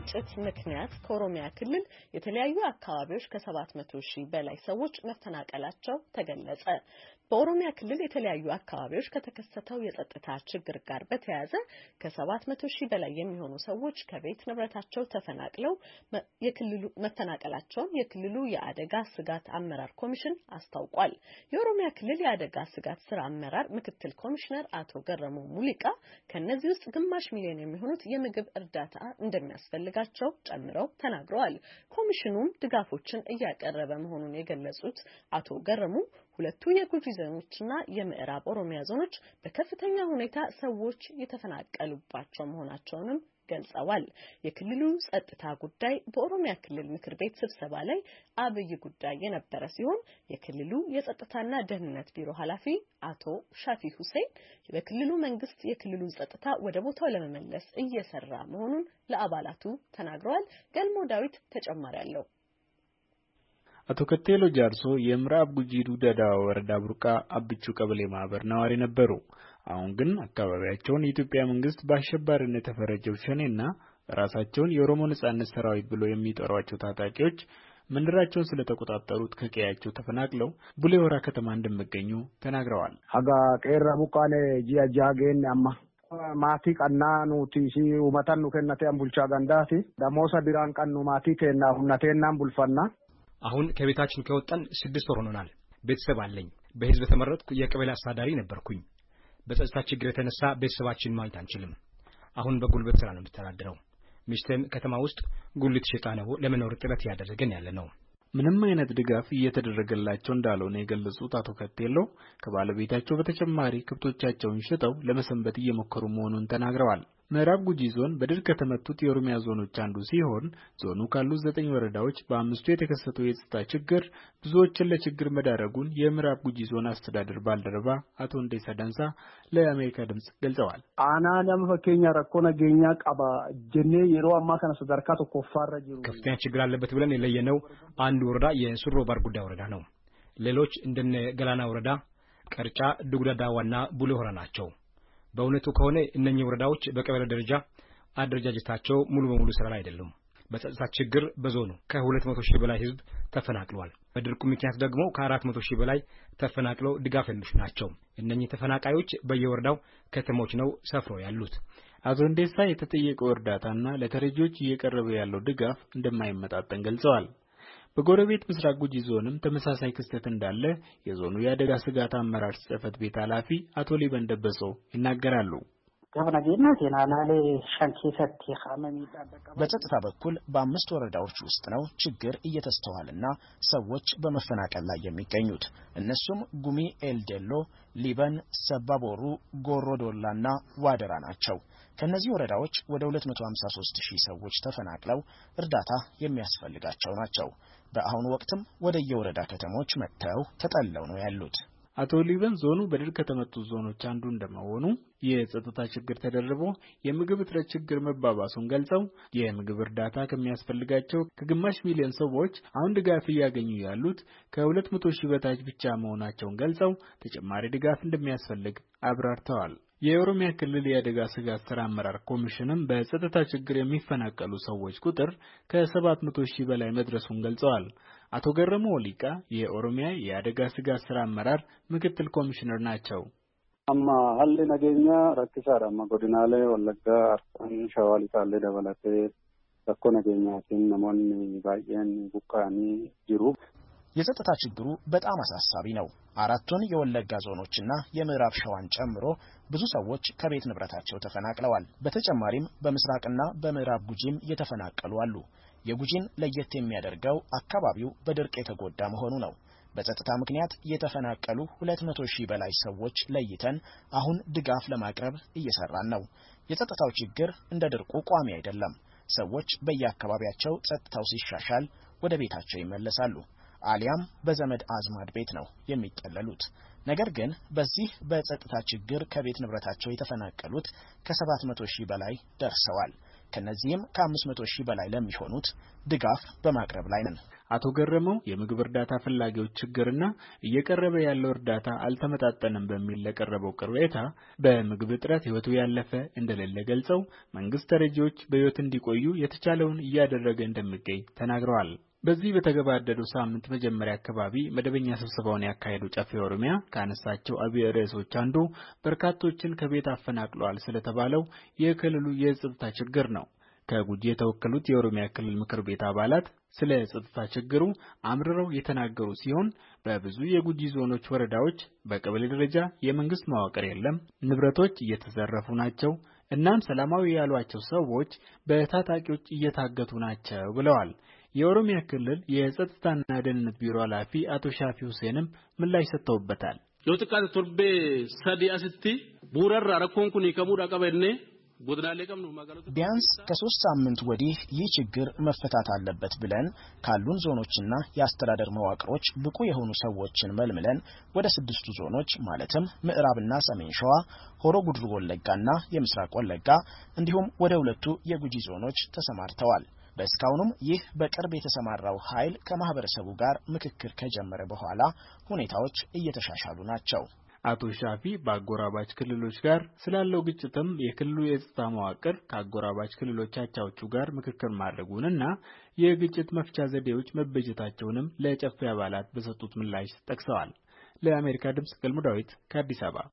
ግጭት ምክንያት ከኦሮሚያ ክልል የተለያዩ አካባቢዎች ከሰባት 700 ሺህ በላይ ሰዎች መፈናቀላቸው ተገለጸ። በኦሮሚያ ክልል የተለያዩ አካባቢዎች ከተከሰተው የጸጥታ ችግር ጋር በተያያዘ ከሰባት 700 ሺህ በላይ የሚሆኑ ሰዎች ከቤት ንብረታቸው ተፈናቅለው መፈናቀላቸውን የክልሉ የአደጋ ስጋት አመራር ኮሚሽን አስታውቋል። የኦሮሚያ ክልል የአደጋ ስጋት ስራ አመራር ምክትል ኮሚሽነር አቶ ገረሙ ሙሊቃ ከእነዚህ ውስጥ ግማሽ ሚሊዮን የሚሆኑት የምግብ እርዳታ እንደሚያስፈልግ እንደሚያስፈልጋቸው ጨምረው ተናግረዋል። ኮሚሽኑም ድጋፎችን እያቀረበ መሆኑን የገለጹት አቶ ገረሙ ሁለቱ የጉጂ ዞኖችና የምዕራብ ኦሮሚያ ዞኖች በከፍተኛ ሁኔታ ሰዎች የተፈናቀሉባቸው መሆናቸውንም ገልጸዋል። የክልሉ ጸጥታ ጉዳይ በኦሮሚያ ክልል ምክር ቤት ስብሰባ ላይ አብይ ጉዳይ የነበረ ሲሆን የክልሉ የጸጥታና ደህንነት ቢሮ ኃላፊ አቶ ሻፊ ሁሴን በክልሉ መንግስት የክልሉን ጸጥታ ወደ ቦታው ለመመለስ እየሰራ መሆኑን ለአባላቱ ተናግረዋል። ገልሞ ዳዊት ተጨማሪ አለው። አቶ ከቴሎ ጃርሶ የምዕራብ ጉጂ ዱደዳ ወረዳ ቡርቃ አብቹ ቀበሌ ማህበር ነዋሪ ነበሩ። አሁን ግን አካባቢያቸውን የኢትዮጵያ መንግሥት በአሸባሪነት የፈረጀው ሸኔና ራሳቸውን የኦሮሞ ነጻነት ሰራዊት ብሎ የሚጠሯቸው ታጣቂዎች መንደራቸውን ስለተቆጣጠሩት ከቀያቸው ተፈናቅለው ቡሌ ሆራ ከተማ እንደሚገኙ ተናግረዋል። አጋ ቄራ ቡቃኔ ጂያ ጃጌን አማ ማቲ ቀና ኑቲ ሲ ውመተን ኑ ከነቴን ቡልቻ ገንዳቲ ደሞሰ ቢራን ቀኑ ማቲ ኬና ሁነቴናን ቡልፈና አሁን ከቤታችን ከወጣን ስድስት ወር ሆኖናል። ቤተሰብ አለኝ። በህዝብ ተመረጥኩ። የቀበሌ አስተዳዳሪ ነበርኩኝ። በጸጥታ ችግር የተነሳ ቤተሰባችን ማለት አንችልም። አሁን በጉልበት ስራ ነው የምተዳደረው። ሚስቴም ከተማ ውስጥ ጉልት ሸጣ ነው ለመኖር ጥረት እያደረገን ያለ ነው። ምንም አይነት ድጋፍ እየተደረገላቸው እንዳልሆነ የገለጹት አቶ ከቴሎ ከባለቤታቸው በተጨማሪ ከብቶቻቸውን ሽጠው ለመሰንበት እየሞከሩ መሆኑን ተናግረዋል። ምዕራብ ጉጂ ዞን በድርቅ ከተመቱት የኦሮሚያ ዞኖች አንዱ ሲሆን ዞኑ ካሉት ዘጠኝ ወረዳዎች በአምስቱ የተከሰተው የጸጥታ ችግር ብዙዎችን ለችግር መዳረጉን የምዕራብ ጉጂ ዞን አስተዳደር ባልደረባ አቶ እንዴሳ ደንሳ ለአሜሪካ ድምጽ ገልጸዋል። አና ነም ፈኬኛ ረኮ ነገኛ ቀባ ጀኔ የሮ አማ ከነ ተኮፋረ ጅሩ ከፍተኛ ችግር አለበት ብለን የለየነው አንድ ወረዳ የሱሮ ባር ጉዳይ ወረዳ ነው። ሌሎች እንደነ ገላና ወረዳ፣ ቀርጫ፣ ዱጉዳዳዋና ቡሌ ሆራ ናቸው። በእውነቱ ከሆነ እነኚህ ወረዳዎች በቀበሌ ደረጃ አደረጃጀታቸው ሙሉ በሙሉ ስራ ላይ አይደሉም። በጸጥታ ችግር በዞኑ ከ መቶ ሺህ በላይ ህዝብ ተፈናቅሏል። በድርቁ ምክንያት ደግሞ ከ400 ሺህ በላይ ተፈናቅለው ድጋፍ የሚሹ ናቸው። እነኚህ ተፈናቃዮች በየወረዳው ከተሞች ነው ሰፍሮ ያሉት። አቶ እንዴሳ የተጠየቀው እርዳታና ለተረጂዎች እየቀረበ ያለው ድጋፍ እንደማይመጣጠን ገልጸዋል። በጎረቤት ምስራቅ ጉጂ ዞንም ተመሳሳይ ክስተት እንዳለ የዞኑ የአደጋ ስጋት አመራር ጽሕፈት ቤት ኃላፊ አቶ ሊበን ደበሶ ይናገራሉ። በጸጥታ በኩል በአምስት ወረዳዎች ውስጥ ነው ችግር እየተስተዋልና ሰዎች በመፈናቀል ላይ የሚገኙት። እነሱም ጉሚ ኤልዴሎ፣ ሊበን፣ ሰባቦሩ፣ ጎሮዶላና ዋደራ ናቸው። ከእነዚህ ወረዳዎች ወደ 253 ሺህ ሰዎች ተፈናቅለው እርዳታ የሚያስፈልጋቸው ናቸው። በአሁኑ ወቅትም ወደ የወረዳ ከተሞች መጥተው ተጠለው ነው ያሉት። አቶ ሊበን ዞኑ በድርቅ ከተመቱት ዞኖች አንዱ እንደመሆኑ የጸጥታ ችግር ተደርቦ የምግብ እጥረት ችግር መባባሱን ገልጸው የምግብ እርዳታ ከሚያስፈልጋቸው ከግማሽ ሚሊዮን ሰዎች አሁን ድጋፍ እያገኙ ያሉት ከሁለት መቶ ሺህ በታች ብቻ መሆናቸውን ገልጸው ተጨማሪ ድጋፍ እንደሚያስፈልግ አብራርተዋል። የኦሮሚያ ክልል የአደጋ ስጋት ስራ አመራር ኮሚሽንም በጸጥታ ችግር የሚፈናቀሉ ሰዎች ቁጥር ከ700 ሺህ በላይ መድረሱን ገልጸዋል። አቶ ገረመ ወሊቃ የኦሮሚያ የአደጋ ስጋት ስራ አመራር ምክትል ኮሚሽነር ናቸው። አማ ሀል ነገኛ ረክሳድ አማ ላይ ወለጋ አርሰን ሸዋሊሳሌ ደበለቴ ረኮ ነገኛትን ነሞን ባየን ቡቃኒ ጅሩ የጸጥታ ችግሩ በጣም አሳሳቢ ነው። አራቱን የወለጋ ዞኖችና የምዕራብ ሸዋን ጨምሮ ብዙ ሰዎች ከቤት ንብረታቸው ተፈናቅለዋል። በተጨማሪም በምስራቅና በምዕራብ ጉጂም የተፈናቀሉ አሉ። የጉጂን ለየት የሚያደርገው አካባቢው በድርቅ የተጎዳ መሆኑ ነው። በጸጥታ ምክንያት የተፈናቀሉ 200 ሺህ በላይ ሰዎች ለይተን አሁን ድጋፍ ለማቅረብ እየሰራን ነው። የጸጥታው ችግር እንደ ድርቁ ቋሚ አይደለም። ሰዎች በየአካባቢያቸው ጸጥታው ሲሻሻል ወደ ቤታቸው ይመለሳሉ። አሊያም በዘመድ አዝማድ ቤት ነው የሚጠለሉት። ነገር ግን በዚህ በጸጥታ ችግር ከቤት ንብረታቸው የተፈናቀሉት ከ700 ሺህ በላይ ደርሰዋል። ከነዚህም ከ500 ሺህ በላይ ለሚሆኑት ድጋፍ በማቅረብ ላይ ነን። አቶ ገረመው የምግብ እርዳታ ፈላጊዎች ችግርና እየቀረበ ያለው እርዳታ አልተመጣጠንም በሚል ለቀረበው ቅሬታ በምግብ እጥረት ሕይወቱ ያለፈ እንደሌለ ገልጸው መንግስት ተረጂዎች በሕይወት እንዲቆዩ የተቻለውን እያደረገ እንደሚገኝ ተናግረዋል። በዚህ በተገባደደው ሳምንት መጀመሪያ አካባቢ መደበኛ ስብሰባውን ያካሄዱ ጨፌ ኦሮሚያ ካነሳቸው አብይ ርዕሶች አንዱ በርካቶችን ከቤት አፈናቅለዋል ስለተባለው የክልሉ የጸጥታ ችግር ነው። ከጉጂ የተወከሉት የኦሮሚያ ክልል ምክር ቤት አባላት ስለ ጸጥታ ችግሩ አምርረው የተናገሩ ሲሆን በብዙ የጉጂ ዞኖች ወረዳዎች በቀበሌ ደረጃ የመንግስት መዋቅር የለም፣ ንብረቶች እየተዘረፉ ናቸው፣ እናም ሰላማዊ ያሏቸው ሰዎች በታጣቂዎች እየታገቱ ናቸው ብለዋል። የኦሮሚያ ክልል የጸጥታና ደህንነት ቢሮ ኃላፊ አቶ ሻፊ ሁሴንም ምላሽ ሰጥተውበታል። ዮጥቃት ቶርቤ ሰዲ አስቲ ቢያንስ ከሶስት ሳምንት ወዲህ ይህ ችግር መፈታት አለበት ብለን ካሉን ዞኖችና የአስተዳደር መዋቅሮች ብቁ የሆኑ ሰዎችን መልምለን ወደ ስድስቱ ዞኖች ማለትም ምዕራብና ሰሜን ሸዋ፣ ሆሮ ጉድሩ ወለጋና የምስራቅ ወለጋ እንዲሁም ወደ ሁለቱ የጉጂ ዞኖች ተሰማርተዋል። በእስካሁኑም ይህ በቅርብ የተሰማራው ኃይል ከማህበረሰቡ ጋር ምክክር ከጀመረ በኋላ ሁኔታዎች እየተሻሻሉ ናቸው። አቶ ሻፊ በአጎራባች ክልሎች ጋር ስላለው ግጭትም የክልሉ የጸጥታ መዋቅር ከአጎራባች ክልሎች አቻዎቹ ጋር ምክክር ማድረጉንና የግጭት መፍቻ ዘዴዎች መበጀታቸውንም ለጨፌ አባላት በሰጡት ምላሽ ጠቅሰዋል። ለአሜሪካ ድምፅ ገልሙ ዳዊት ከአዲስ አበባ